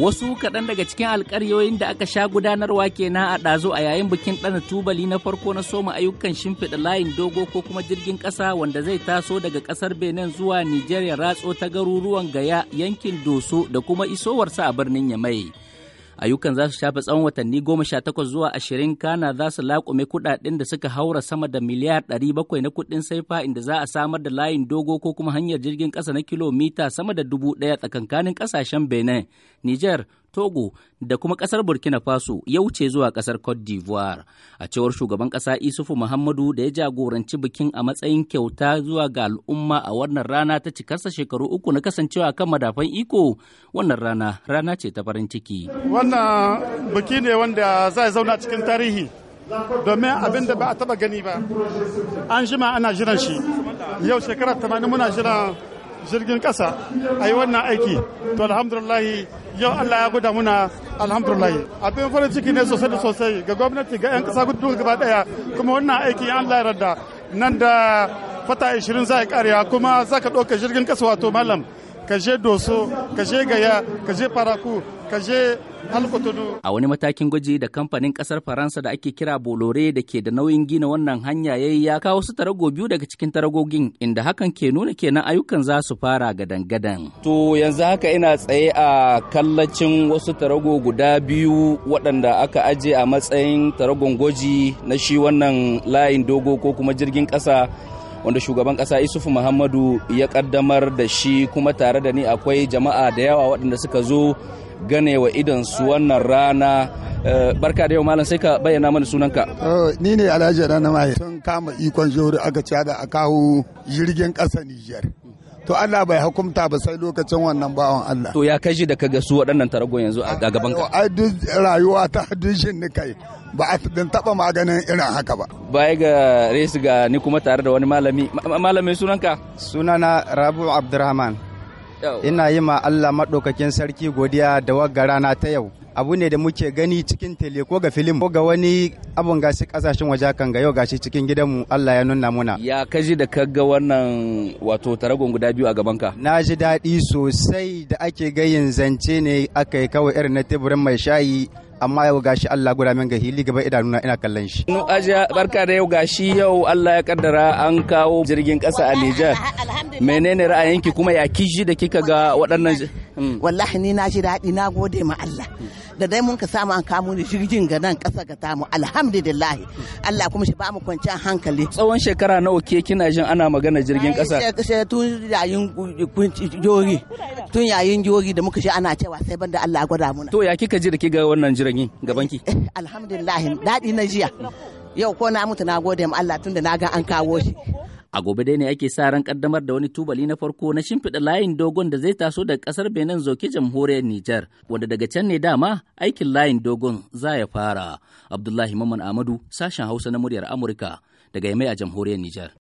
Wasu kaɗan daga cikin alkaryoyin da aka sha gudanarwa kenan a ɗazu a yayin bikin ɗana tubali na farko na soma ayyukan shimfiɗa layin dogo ko kuma jirgin ƙasa wanda zai taso daga ƙasar Benin zuwa Nijar ratso ta garuruwan Gaya yankin Doso da kuma isowarsa a birnin Yamai. ayyukan za su shafe tsawon watanni goma sha takwas zuwa ashirin kana za su laƙume kuɗaɗen da suka haura sama da miliyar ɗari bakwai na kuɗin saifa inda za a samar da layin dogo ko kuma hanyar jirgin ƙasa na kilomita sama da dubu ɗaya tsakankanin ƙasashen benin niger Togo da kuma ƙasar Burkina Faso ya wuce zuwa ƙasar Cote d'Ivoire. A cewar shugaban ƙasa Isufu Muhammadu da ya jagoranci bikin a matsayin kyauta zuwa ga al'umma a wannan rana ta cikarsa shekaru uku na kasancewa kan madafan iko wannan rana rana ce ta farin ciki. Wannan biki ne wanda a zauna cikin tarihi domin abin da ba a taba gani ba. An jima ana jiran shi. Yau shekara 80 muna jiran jirgin kasa a yi wannan aiki. To alhamdulillah. yau Allah ya guda muna alhamdulillah abin farin ciki ne sosai da sosai ga gwamnati ga 'yan kasa gudu gaba daya kuma wannan aiki in Allah ya rada nan da fata 20 za a kariya kuma za ka ɗauka jirgin kasa wato malam ka je doso ka je gaya ka je faraku ka je halkutudu a wani matakin gwaji da kamfanin kasar faransa da ake kira bolore da ke da nauyin gina wannan hanya yayi ya kawo su tarago biyu daga cikin taragogin inda hakan ke nuna kenan ayyukan za su fara gadan-gadan to yanzu haka ina tsaye a kallacin wasu tarago guda biyu waɗanda aka aje a matsayin taragon gwaji na shi wannan layin dogo ko kuma jirgin ƙasa wanda shugaban kasa isufu muhammadu ya kaddamar da shi kuma tare da ni akwai jama'a da yawa waɗanda suka zo gane wa idan su wannan rana eh, barka da yau malam sai ka bayyana mana sunanka oh, ni ne alhaji rana mai sun kama ikon jori aka ci da a kawo jirgin ƙasa nijar to Allah bai hukunta ba sai lokacin wannan bawan Allah to ya kashi da kaga su waɗannan tarago yanzu a gaban ka A duk rayuwa ta dushin ni kai ba a din taba maganin irin haka ba baya ga resu ga ni kuma tare da wani malami malamin sunanka sunana Rabu Abdurrahman ina yi ma Allah madaukakin sarki godiya da wagga ta yau abu ne da muke gani cikin tele ko ga filim ko ga wani abun gashi kasashen waje kan ga yau gashi cikin gidanmu Allah ya nuna muna ya kaji da kaga wannan wato taragon guda biyu a gaban ka na ji daɗi sosai da ake gayin zance ne aka yi kawai irin na teburin mai shayi amma yau gashi Allah gura min ga hili gaba idanuna ina kallon shi. Nu aja barka da yau gashi yau Allah ya kaddara an kawo jirgin kasa a Nijar. Menene ra'ayinki kuma ya kiji da kika ga waɗannan Mm. wallahi ni na ji daɗi na gode ma Allah mm. da dai mun ka samu an kamo ni jirgin ga nan ƙasa ga tamu alhamdulillah mm. Allah kuma shi ba mu kwanciyar hankali tsawon shekara nawa ke kina jin ana magana jirgin ƙasa tun yayin jori tun yayin jori da muka shi ana cewa sai banda Allah gwada mu to ya kika ji da kiga wannan jirgin ki? Eh, alhamdulillah daɗi na jiya yau ko na mutu na gode ma Allah tun da na ga an kawo shi A gobe dai ne ake sa ran kaddamar da wani tubali na farko na shimfiɗa layin dogon da zai taso daga ƙasar Benin zoke jamhuriyar Nijar, wanda daga can ne dama aikin layin dogon za ya fara. Abdullahi Maman Amadu, sashen Hausa na muryar Amurka daga Yamai a jamhuriyar Nijar.